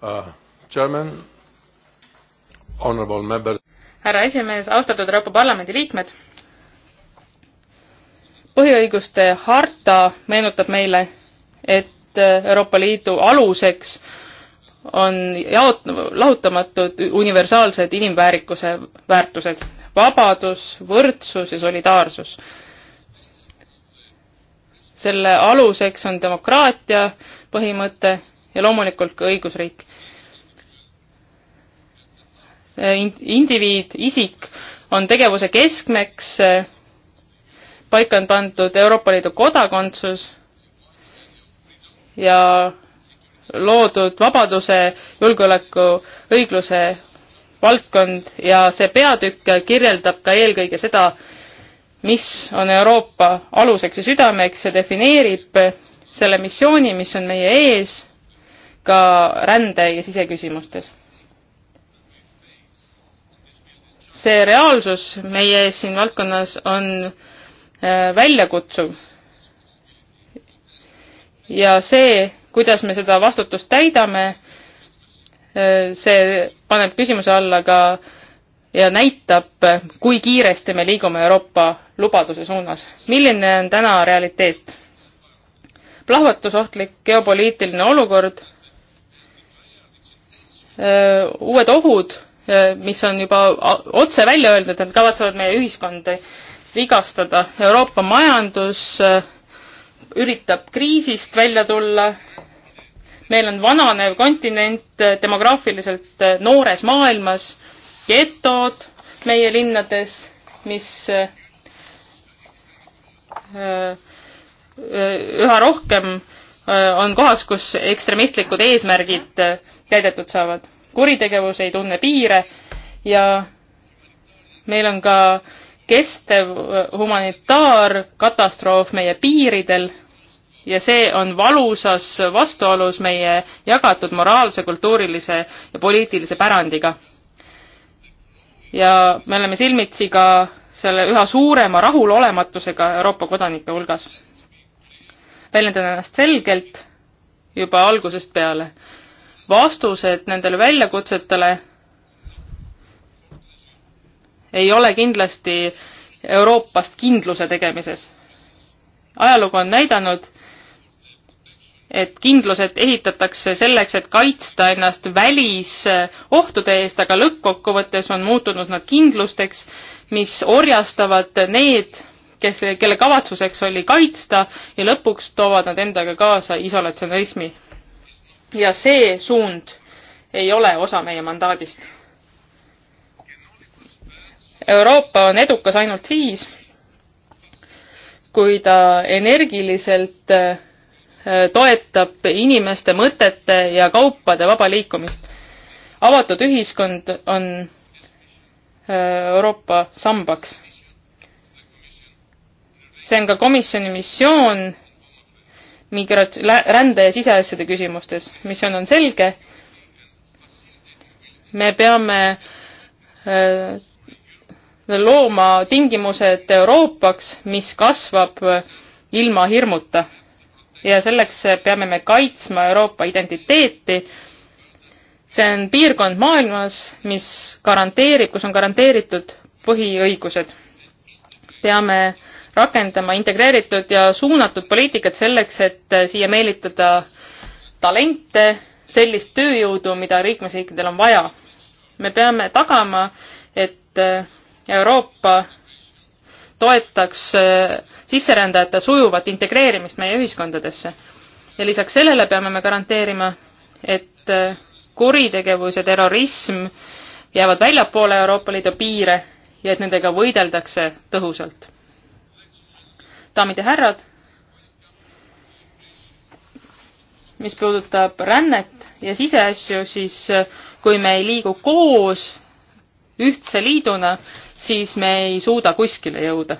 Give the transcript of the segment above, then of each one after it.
Uh, härra esimees, austatud Euroopa Parlamendi liikmed. põhiõiguste harta meenutab meile, et uh, Euroopa Liidu aluseks on jaot-, lahutamatud universaalsed inimväärikuse väärtused. vabadus, võrdsus ja solidaarsus. selle aluseks on demokraatia põhimõte ja loomulikult ka õigusriik. indiviid, isik on tegevuse keskmeks, paika on pandud Euroopa Liidu kodakondsus ja loodud vabaduse, julgeoleku, õigluse valdkond ja see peatükk kirjeldab ka eelkõige seda, mis on Euroopa aluseks ja südameks ja defineerib selle missiooni, mis on meie ees ka rände ja siseküsimustes. see reaalsus meie ees siin valdkonnas on äh, väljakutsuv. ja see, kuidas me seda vastutust täidame, äh, see paneb küsimuse alla ka ja näitab, kui kiiresti me liigume Euroopa lubaduse suunas. milline on täna realiteet? plahvatusohtlik geopoliitiline olukord Äh, uued ohud, äh, mis on juba otse välja öeldud, et nad kavatsevad meie ühiskonda vigastada. Euroopa majandus äh, üritab kriisist välja tulla, meil on vananev kontinent demograafiliselt noores maailmas, getod meie linnades, mis üha rohkem on kohas, kus ekstremistlikud eesmärgid täidetud saavad. kuritegevus ei tunne piire ja meil on ka kestev humanitaarkatastroof meie piiridel ja see on valusas vastuolus meie jagatud moraalse, kultuurilise ja poliitilise pärandiga. ja me oleme silmitsi ka selle üha suurema rahulolematusega Euroopa kodanike hulgas. väljendan ennast selgelt juba algusest peale vastused nendele väljakutsetele ei ole kindlasti Euroopast kindluse tegemises. ajalugu on näidanud, et kindlused ehitatakse selleks, et kaitsta ennast välisohtude eest, aga lõppkokkuvõttes on muutunud nad kindlusteks, mis orjastavad need, kes, kelle kavatsuseks oli kaitsta ja lõpuks toovad nad endaga kaasa isolatsionalismi ja see suund ei ole osa meie mandaadist. Euroopa on edukas ainult siis, kui ta energiliselt äh, toetab inimeste mõtete ja kaupade vaba liikumist. avatud ühiskond on äh, Euroopa sambaks. see on ka komisjoni missioon migrat-, rände ja siseasjade küsimustes. missioon on selge, me peame äh, looma tingimused Euroopaks, mis kasvab ilma hirmuta. ja selleks peame me kaitsma Euroopa identiteeti. see on piirkond maailmas, mis garanteerib, kus on garanteeritud põhiõigused. peame äh, rakendama integreeritud ja suunatud poliitikat selleks, et siia meelitada talente, sellist tööjõudu, mida liikmesriikidel on vaja. me peame tagama, et Euroopa toetaks sisserändajate sujuvat integreerimist meie ühiskondadesse. ja lisaks sellele peame me garanteerima, et kuritegevus ja terrorism jäävad väljapoole Euroopa Liidu piire ja et nendega võideldakse tõhusalt daamid ja härrad, mis puudutab rännet ja siseasju, siis äh, kui me ei liigu koos ühtse liiduna, siis me ei suuda kuskile jõuda.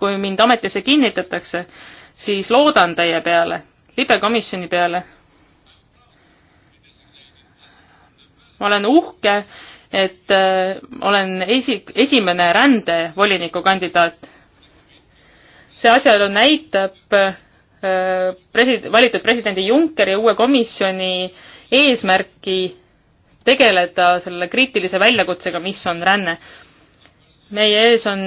kui mind ametisse kinnitatakse, siis loodan teie peale, libekomisjoni peale. ma olen uhke et äh, olen esi, esimene rändevoliniku kandidaat. see asjaolu näitab äh, presid-, valitud presidendi Junckeri uue komisjoni eesmärki tegeleda selle kriitilise väljakutsega, mis on ränne. meie ees on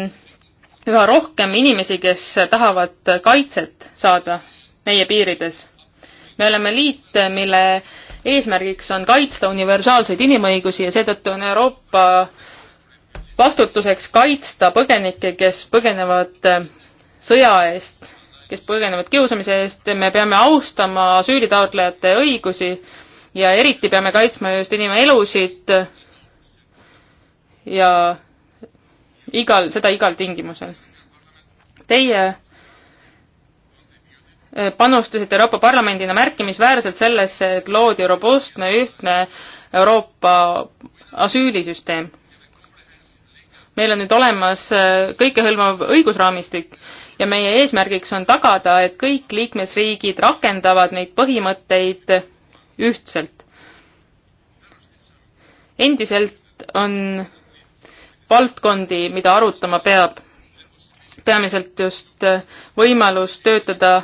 üha rohkem inimesi, kes tahavad kaitset saada meie piirides. me oleme liit, mille eesmärgiks on kaitsta universaalseid inimõigusi ja seetõttu on Euroopa vastutuseks kaitsta põgenikke, kes põgenevad äh, sõja eest, kes põgenevad kiusamise eest, me peame austama asüülitaotlejate õigusi ja eriti peame kaitsma just inimelusid ja igal, seda igal tingimusel. Teie Äh, panustasid Euroopa Parlamendina märkimisväärselt sellesse, et loodi robustne ühtne Euroopa asüülisüsteem. meil on nüüd olemas äh, kõikehõlmav õigusraamistik ja meie eesmärgiks on tagada, et kõik liikmesriigid rakendavad neid põhimõtteid ühtselt. endiselt on valdkondi, mida arutama peab peamiselt just äh, võimalus töötada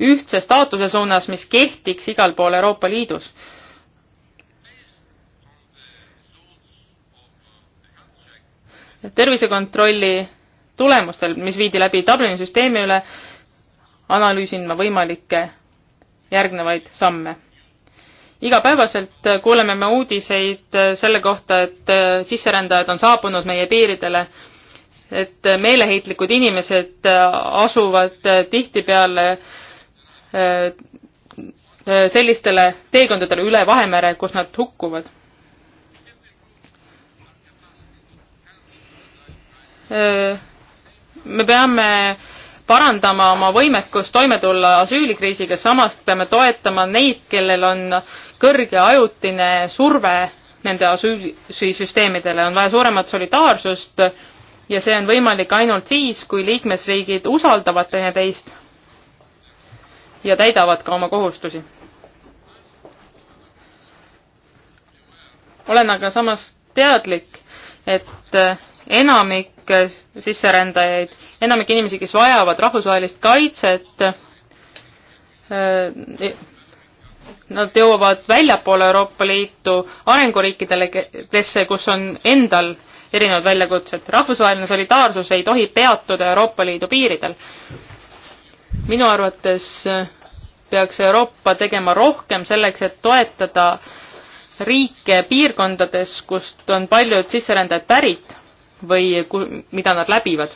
ühtse staatuse suunas, mis kehtiks igal pool Euroopa Liidus. tervisekontrolli tulemustel, mis viidi läbi Dublini süsteemi üle, analüüsin ma võimalikke järgnevaid samme igapäevaselt kuuleme me uudiseid selle kohta, et sisserändajad on saabunud meie piiridele, et meeleheitlikud inimesed asuvad tihtipeale Äh, äh, sellistele teekondadele üle Vahemere, kus nad hukkuvad. Äh, me peame parandama oma võimekust toime tulla asüülikriisiga, samas peame toetama neid, kellel on kõrge ajutine surve nende asüülisüsteemidele, on vaja suuremat solidaarsust ja see on võimalik ainult siis, kui liikmesriigid usaldavad teineteist ja täidavad ka oma kohustusi. olen aga samas teadlik, et enamik sisserändajaid, enamik inimesi, kes vajavad rahvusvahelist kaitset, eh, nad jõuavad väljapoole Euroopa Liitu arenguriikidesse, kus on endal erinevad väljakutsed. rahvusvaheline solidaarsus ei tohi peatuda Euroopa Liidu piiridel. minu arvates peaks Euroopa tegema rohkem selleks, et toetada riike piirkondades, kust on paljud sisserändajad pärit või mida nad läbivad.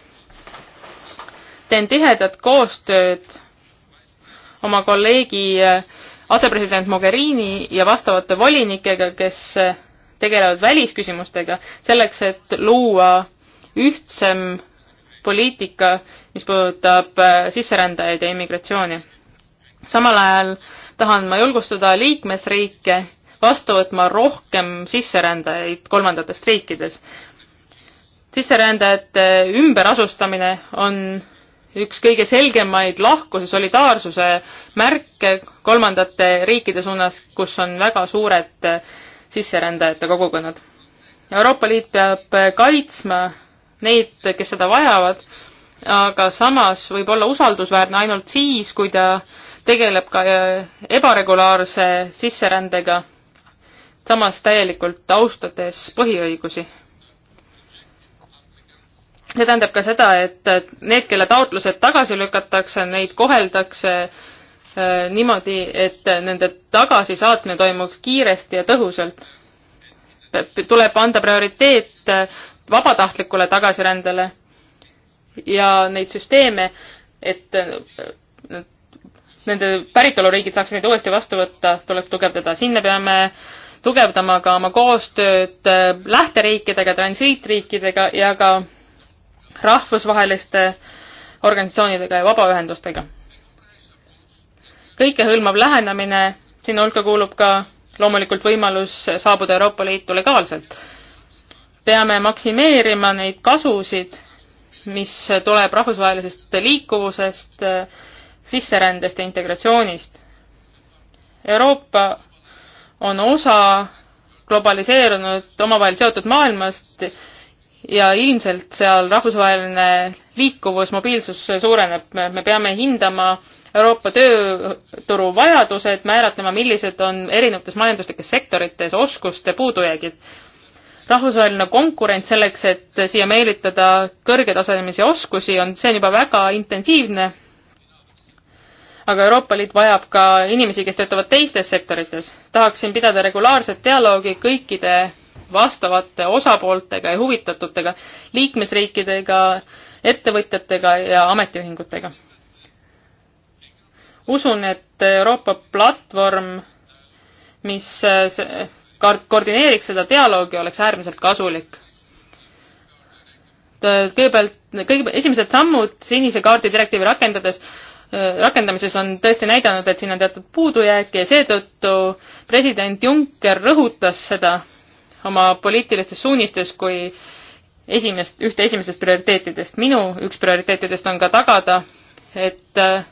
teen tihedat koostööd oma kolleegi äh, asepresident Mogherini ja vastavate volinikega, kes äh, tegelevad välisküsimustega, selleks et luua ühtsem poliitika, mis puudutab äh, sisserändajaid ja immigratsiooni samal ajal tahan ma julgustada liikmesriike vastu võtma rohkem sisserändajaid kolmandatest riikides. sisserändajate ümberasustamine on üks kõige selgemaid lahkuse, solidaarsuse märke kolmandate riikide suunas, kus on väga suured sisserändajate kogukonnad. Euroopa Liit peab kaitsma neid, kes seda vajavad, aga samas võib olla usaldusväärne ainult siis, kui ta tegeleb ka äh, ebaregulaarse sisserändega, samas täielikult austades põhiõigusi. see tähendab ka seda, et need, kelle taotlused tagasi lükatakse, neid koheldakse äh, niimoodi, et nende tagasisaatmine toimuks kiiresti ja tõhusalt. tuleb anda prioriteet äh, vabatahtlikule tagasirändele ja neid süsteeme, et nende päritoluriigid saaksid neid uuesti vastu võtta, tuleb tugevdada. siin me peame tugevdama ka oma koostööd äh, lähteriikidega, transiitriikidega ja ka rahvusvaheliste organisatsioonidega ja vabaühendustega. kõikehõlmav lähenemine, sinna hulka kuulub ka loomulikult võimalus saabuda Euroopa Liitu legaalselt. peame maksimeerima neid kasusid, mis tuleb rahvusvahelisest liikuvusest äh, sisserändest ja integratsioonist. Euroopa on osa globaliseerunud omavahel seotud maailmast ja ilmselt seal rahvusvaheline liikuvus, mobiilsus suureneb, me peame hindama Euroopa tööturu vajadused, määratlema, millised on erinevates majanduslikes sektorites oskuste puudujäägid. rahvusvaheline konkurents selleks, et siia meelitada kõrgetasemelisi oskusi, on, see on juba väga intensiivne aga Euroopa Liit vajab ka inimesi, kes töötavad teistes sektorites. tahaksin pidada regulaarset dialoogi kõikide vastavate osapooltega ja huvitatutega, liikmesriikidega, ettevõtjatega ja ametiühingutega. usun, et Euroopa platvorm, mis koordineeriks seda dialoogi, oleks äärmiselt kasulik. kõigepealt, kõige, esimesed sammud sinise kaardi direktiivi rakendades rakendamises on tõesti näidanud, et siin on teatud puudujääke ja seetõttu president Juncker rõhutas seda oma poliitilistes suunistes kui esimest, ühte esimesest prioriteetidest. minu üks prioriteetidest on ka tagada, et äh,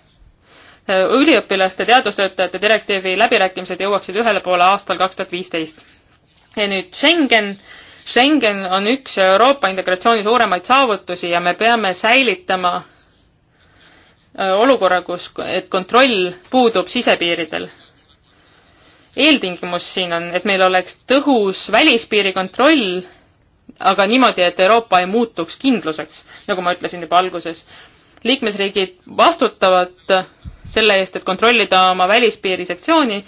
üliõpilaste teadustöötajate direktiivi läbirääkimised jõuaksid ühele poole aastal kaks tuhat viisteist. ja nüüd Schengen. Schengen on üks Euroopa integratsiooni suuremaid saavutusi ja me peame säilitama Äh, olukorra, kus, et kontroll puudub sisepiiridel. eeltingimus siin on, et meil oleks tõhus välispiiri kontroll, aga niimoodi, et Euroopa ei muutuks kindluseks, nagu ma ütlesin juba alguses. liikmesriigid vastutavad selle eest, et kontrollida oma välispiiri sektsiooni,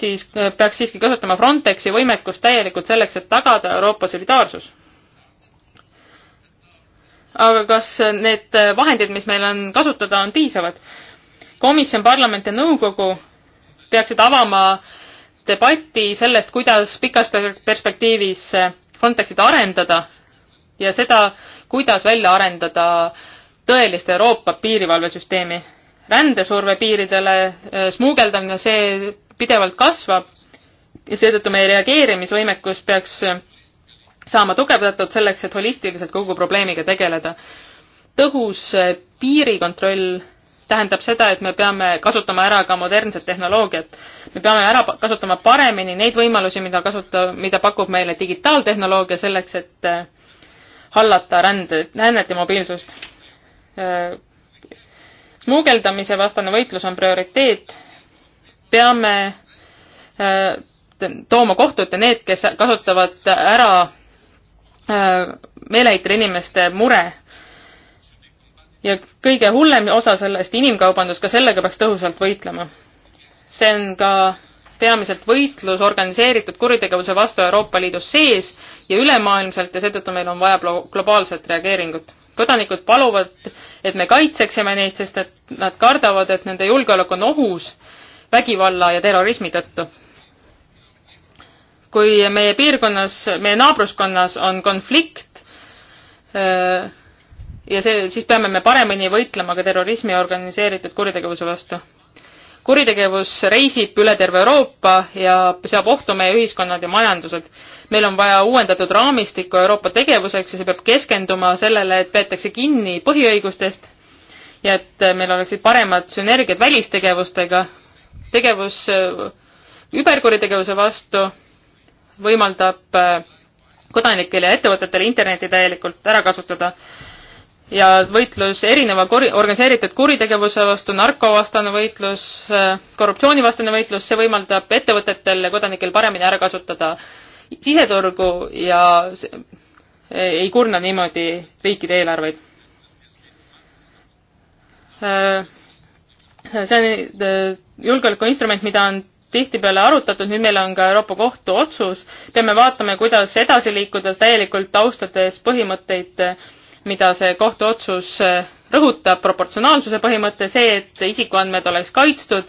siis äh, peaks siiski kasutama Frontexi võimekust täielikult selleks, et tagada Euroopa solidaarsus aga kas need vahendid, mis meil on kasutada, on piisavad? komisjon, parlament ja nõukogu peaksid avama debatti sellest, kuidas pikas perspektiivis Frontexit arendada ja seda, kuidas välja arendada tõelist Euroopa piirivalvesüsteemi. rändesurve piiridele, äh, smuugeldamine, see pidevalt kasvab ja seetõttu meie reageerimisvõimekus peaks äh, saama tugevdatud selleks, et holistiliselt kogu probleemiga tegeleda. tõhus eh, piirikontroll tähendab seda, et me peame kasutama ära ka modernset tehnoloogiat. me peame ära kasutama paremini neid võimalusi, mida kasuta, mida pakub meile digitaaltehnoloogia selleks, et eh, hallata rände, rännet ja mobiilsust. Eh, smuugeldamise vastane võitlus on prioriteet. peame tooma kohtu ette need, kes kasutavad ära Äh, meeleheitel inimeste mure. ja kõige hullem osa sellest, inimkaubandus, ka sellega peaks tõhusalt võitlema. see on ka peamiselt võitlus organiseeritud kuritegevuse vastu Euroopa Liidu sees ja ülemaailmselt ja seetõttu meil on vaja globaalset reageeringut. kodanikud paluvad, et me kaitseksime neid, sest et nad kardavad, et nende julgeolek on ohus vägivalla ja terrorismi tõttu kui meie piirkonnas, meie naabruskonnas on konflikt äh, ja see, siis peame me paremini võitlema ka terrorismi ja organiseeritud kuritegevuse vastu. kuritegevus reisib üle terve Euroopa ja seab ohtu meie ühiskonnad ja majandused. meil on vaja uuendatud raamistikku Euroopa tegevuseks ja see peab keskenduma sellele, et peetakse kinni põhiõigustest ja et meil oleksid paremad sünergiad välistegevustega, tegevus küberkuritegevuse äh, vastu võimaldab äh, kodanikele ja ettevõtetele interneti täielikult ära kasutada. ja võitlus erineva kuri, organiseeritud kuritegevuse vastu, narkovastane võitlus, äh, korruptsioonivastane võitlus, see võimaldab ettevõtetel ja kodanikel paremini ära kasutada siseturgu ja äh, ei kurna niimoodi riikide eelarveid. see on julgeolekuinstrument, mida on tihtipeale arutatud, nüüd meil on ka Euroopa Kohtu otsus, peame vaatama, kuidas edasi liikuda, täielikult austades põhimõtteid, mida see kohtuotsus rõhutab, proportsionaalsuse põhimõte, see, et isikuandmed oleks kaitstud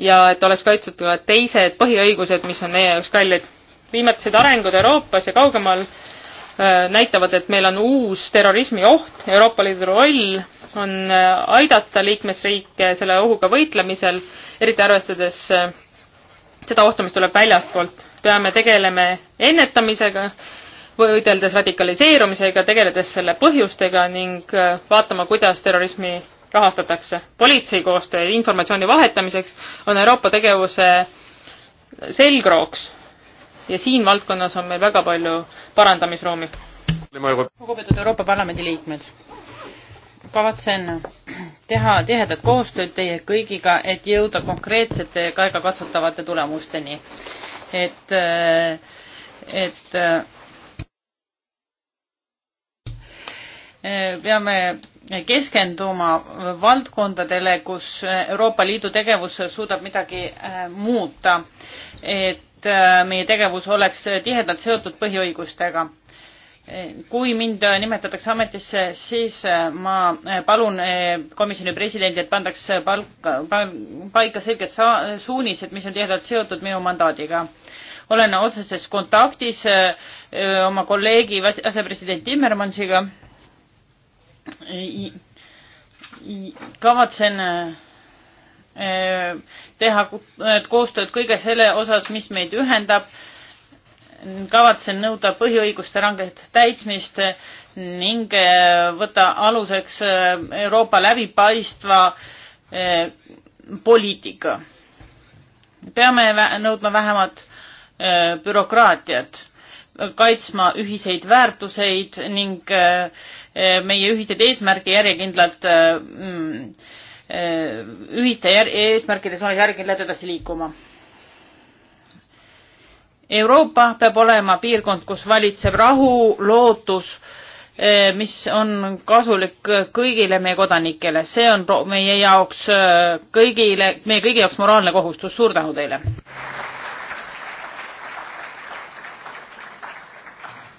ja et oleks kaitstud ka teised põhiõigused, mis on meie jaoks kallid. viimatised arengud Euroopas ja kaugemal äh, näitavad, et meil on uus terrorismioht, Euroopa Liidu roll on äh, aidata liikmesriike selle ohuga võitlemisel, eriti arvestades äh, seda ohtu, mis tuleb väljastpoolt. peame tegelema ennetamisega, võideldes radikaliseerumisega, tegeledes selle põhjustega ning äh, vaatama, kuidas terrorismi rahastatakse. politsei koostöö informatsiooni vahetamiseks on Euroopa tegevuse selgrooks ja siin valdkonnas on meil väga palju parandamisruumi. lugupeetud Euroopa Parlamendi liikmed kavatsen teha tihedat koostööd teie kõigiga, et jõuda konkreetsete käegakatsutavate tulemusteni. et, äh, et äh, peame keskenduma valdkondadele, kus Euroopa Liidu tegevus suudab midagi äh, muuta, et meie tegevus oleks tihedalt seotud põhiõigustega kui mind äh, nimetatakse ametisse, siis äh, ma äh, palun komisjoni presidendi, et pandaks palka, paika selged suunised, mis on tihedalt seotud minu mandaadiga. olen otseses kontaktis oma kolleegi asepresident Timmermansiga. kavatsen teha koostööd kõige selle osas, mis meid ühendab kavatsen nõuda põhiõiguste ranget täitmist ning eh, võtta aluseks eh, Euroopa läbipaistva eh, poliitika. peame nõudma vähemat bürokraatiat, kaitsma ühiseid väärtuseid ning meie ühiseid eesmärke järjekindlalt, mm, ühiste eesmärkide suunas järjekindlalt edasi liikuma Euroopa peab olema piirkond, kus valitseb rahu, lootus, eh, mis on kasulik kõigile meie kodanikele, see on meie jaoks eh, kõigile, meie kõigi jaoks moraalne kohustus, suur tänu teile!